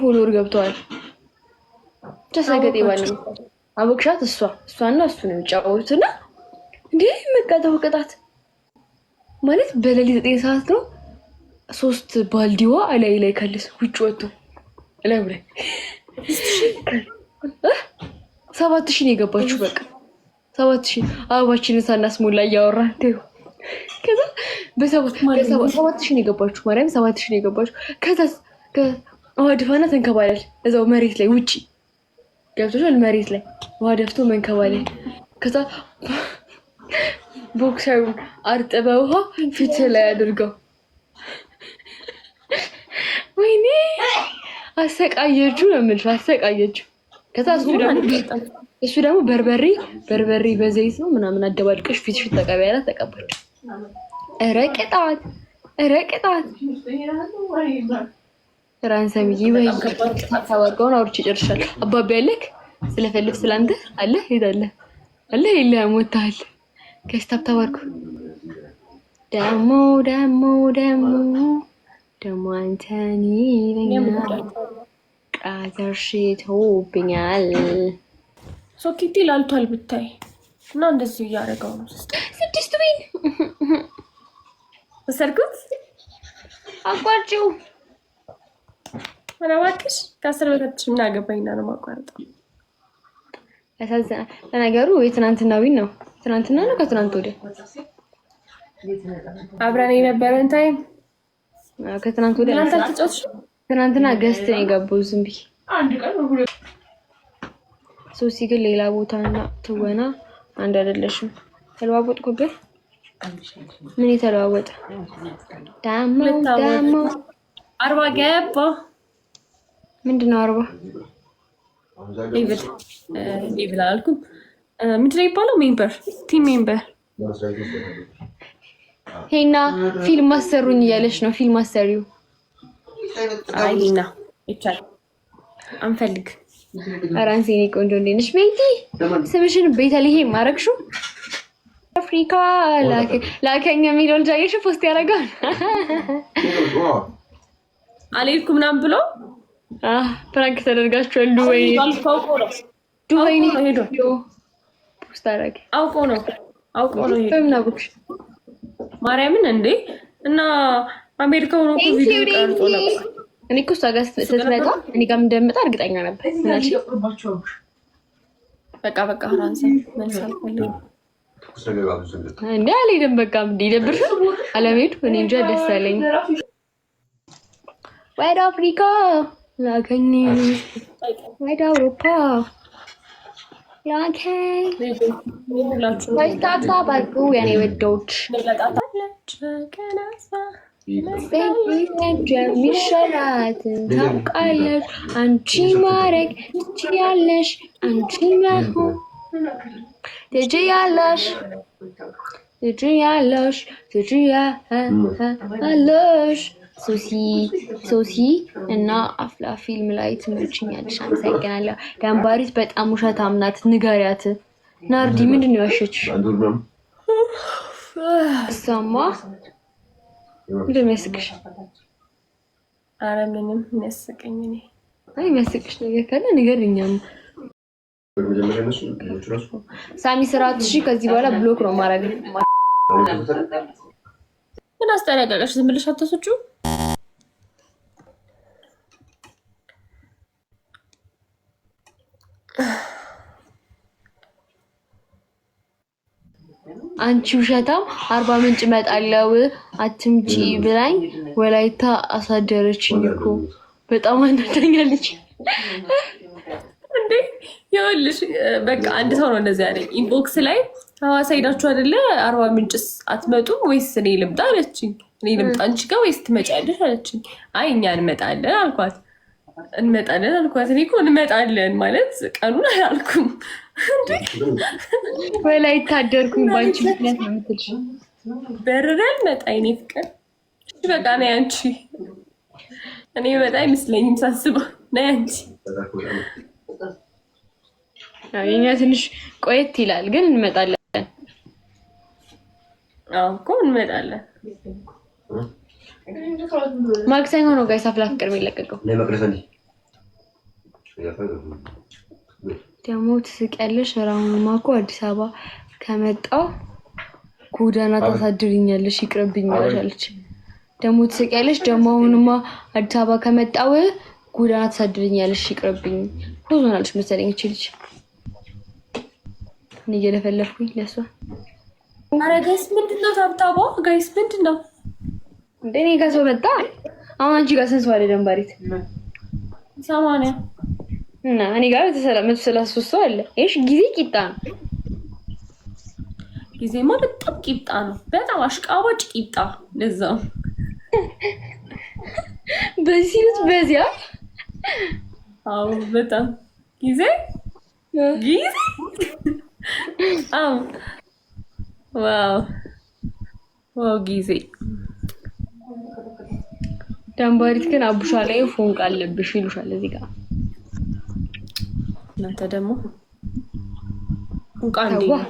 ፎሎወር ገብተዋል። ተሰገጤ ባለ አበቅሻት እሷ እሷና እሱ ነው የሚጫወቱት። እና እንዴ መቀጠው ቅጣት ማለት በሌሊት ዘጠኝ ሰዓት ነው። ሶስት ባልዲዋ አላይ ላይ ከልስ ውጭ ወጥቶ ላይ ላይ ሰባት ሺህ ነው የገባችሁ። በቃ ሰባት ሺህ አበባችንን ሳናስሞላ እያወራ ከዛ በሰባት ሺህ ነው የገባችሁ። ማርያም ሰባት ሺህ ነው የገባችሁ ከዛ ውሃ ደፋና ተንከባለል። እዛው መሬት ላይ ውጪ ገብቶሻል። መሬት ላይ ውሃ ደፍቶ መንከባለል። ከዛ ቦክሰሩ አርጥበ ውሃ ፊት ላይ አድርገው። ወይኔ አሰቃየጁ ነው የምልሽ፣ አሰቃየጁ። ከዛ እሱ ደግሞ በርበሬ በርበሬ በዘይት ነው ምናምን አደባልቀሽ ፊትሽ ተቀባያላ ተቀባች። ረቅጣት ረቅጣት ራንሰምዬ ወይ ታወቀውን አውርቼ ጨርሻለሁ። አባቢ አለክ ስለፈልግ ስላንተ አለ ሄዳለ አለ ይለ ሞታል ከስታብ ታወርኩ ደሞ ደሞ ደሞ ደሞ አንተኒ ለኛ ቃዘርሽ ተውብኛል ሶኪቲ ላልቷል ብታይ እና እንደዚህ እያደረገው ነው። ስድስት ቢን ወሰድኩት አቋርጭው ኧረ እባክሽ ከአስር በታች ምን አገባኝና ነው የማቋርጠው። ያሳዝናል። ለነገሩ የትናንትናዊ ነው። ትናንትና ነው ከትናንት ወዲያ አብረን የነበረን ታይም ከትናንት ወዲያ ትናንትና ገስት ነው የገባው። ዝም ብዬ ሶሲ ግን ሌላ ቦታ ቦታና ትወና አንድ አይደለሽም። ተለዋወጥኩብህ። ምን የተለዋወጠ ዳሞ ዳሞ አርባ ገባ ምንድነው አርባ ሌቭል አላልኩም። ምንድነው የሚባለው? ሜምበር ቲም ሜምበር ሄና ፊልም ማሰሩኝ እያለች ነው። ፊልም አሰሪው አይና ይቻላል አንፈልግ አራንሴ እኔ ቆንጆ እንዴት ነሽ? ቤቲ ስምሽን ቤተልሔም አረግሽው። አፍሪካ ላከኝ የሚለው ልጅ አየሽው? ፖስት ያደርጋል አልሄድኩም ምናምን ብሎ ፕራንክ ተደርጋችኋል። ዱባይ ፖስት አደረገ። አውቆ ነው አውቆ ነው ማርያምን እንዴ! እና አሜሪካ ሆኖ ቪዲዮ ነበር። እኔ እኮ እሷ ጋር ስትመጣ እኔ ጋር እንደምጣ እርግጠኛ ነበር። በቃ በቃ አልሄድም። በቃ እንዲ እኔ እንጃ ደስ አለኝ። ወደ አፍሪካ ላከኝ ወደ አውሮፓ ላከኝ። በርታታ የኔ ወዶች የሚሻላት ታውቃለሽ። አንቺ ማረግ ትችያለሽ። አንቺ መሆን ትችያለሽ። ትችያለሽ። ትችያለሽ ሶሲ እና አፍላ ፊልም ላይ ትምህርችኝ አዲስ አመሰግናለሁ። ደንባሪት በጣም ውሸት አምናት ንገሪያት። ናርዲ ምንድን ነው ያሸች? እሷማ ምንድን ነው ያስቅሽ? ኧረ ምንም የሚያስቀኝ እኔ አይ የሚያስቅሽ ነገር ካለ ንገሪኝ። ሳሚ ስርዓትሽ ከዚህ በኋላ ብሎክ ነው ማድረግ። ምን አስጠነቀቀሽ? ዝም ብለሽ አትወስጂው አንቺ ውሸታም አርባ ምንጭ እመጣለሁ አትምጪ ብላኝ ወላይታ አሳደረችኝ እኮ በጣም አናደኛለች። እንዴ ይኸውልሽ፣ በቃ አንድ ሰው ነው እንደዚህ ያለኝ። ኢንቦክስ ላይ ሐዋሳ ሄዳችሁ አይደለ አርባ ምንጭስ አትመጡም ወይስ እኔ ልምጣ አለችኝ። እኔ ልምጣ አንቺ ጋር ወይስ ትመጫለሽ አለችኝ። አይ እኛ እንመጣለን አልኳት። እንመጣለን አልኳት። እኔ እኮ እንመጣለን ማለት ቀኑን አላልኩም። በላይ ታደርኩኝ ባንቺ ምክንያት ነው የምትልሽ። በርረ እንመጣ የእኔ ፍቅር በቃ ነይ አንቺ። እኔ በጣም አይመስለኝም ሳስበው። ነይ አንቺ። የኛ ትንሽ ቆየት ይላል ግን እንመጣለን። አዎ እኮ እንመጣለን። ማክሰኞ ነው ጋይስ አፍላ ፍቅር የሚለቀቀው። ደግሞ ትስቂያለሽ። ራሁንማ እኮ አዲስ አበባ ከመጣው ጎዳና ታሳድርኛለሽ፣ ይቅርብኛለሽ አለች። ደግሞ ትስቂያለሽ። ደግሞ አሁንማ አዲስ አበባ ከመጣው ጎዳና ታሳድርኛለሽ፣ ይቅርብኝ ሆዞናለች መሰለኝ እች ልጅ እየለፈለፍኩኝ ለሷ። ኧረ ጋይስ ምንድነው ታብታቧ? ጋይስ ምንድነው እኔ ጋር ሰው መጣ። አሁን አንቺ ጋር ስንት ሰው አለ? ደንባሪት ሰማንያ እና እኔ ጋር መቶ ሰላሳ ሶስት ሰው አለ። ይሽ ጊዜ ቂጣ ነው። ጊዜማ በጣም ቂጣ ነው። በጣም አሽቃባጭ ቂጣ ለዛ በዚህ በዚያ አዎ፣ በጣም ጊዜ ጊዜ አዎ፣ ዋው ዋው ጊዜ ደንባሪት ግን አቡሻ ላይ ፎንቅ አለብሽ ይሉሻል። እዚህ ጋር እናንተ ደግሞ ፎንቃ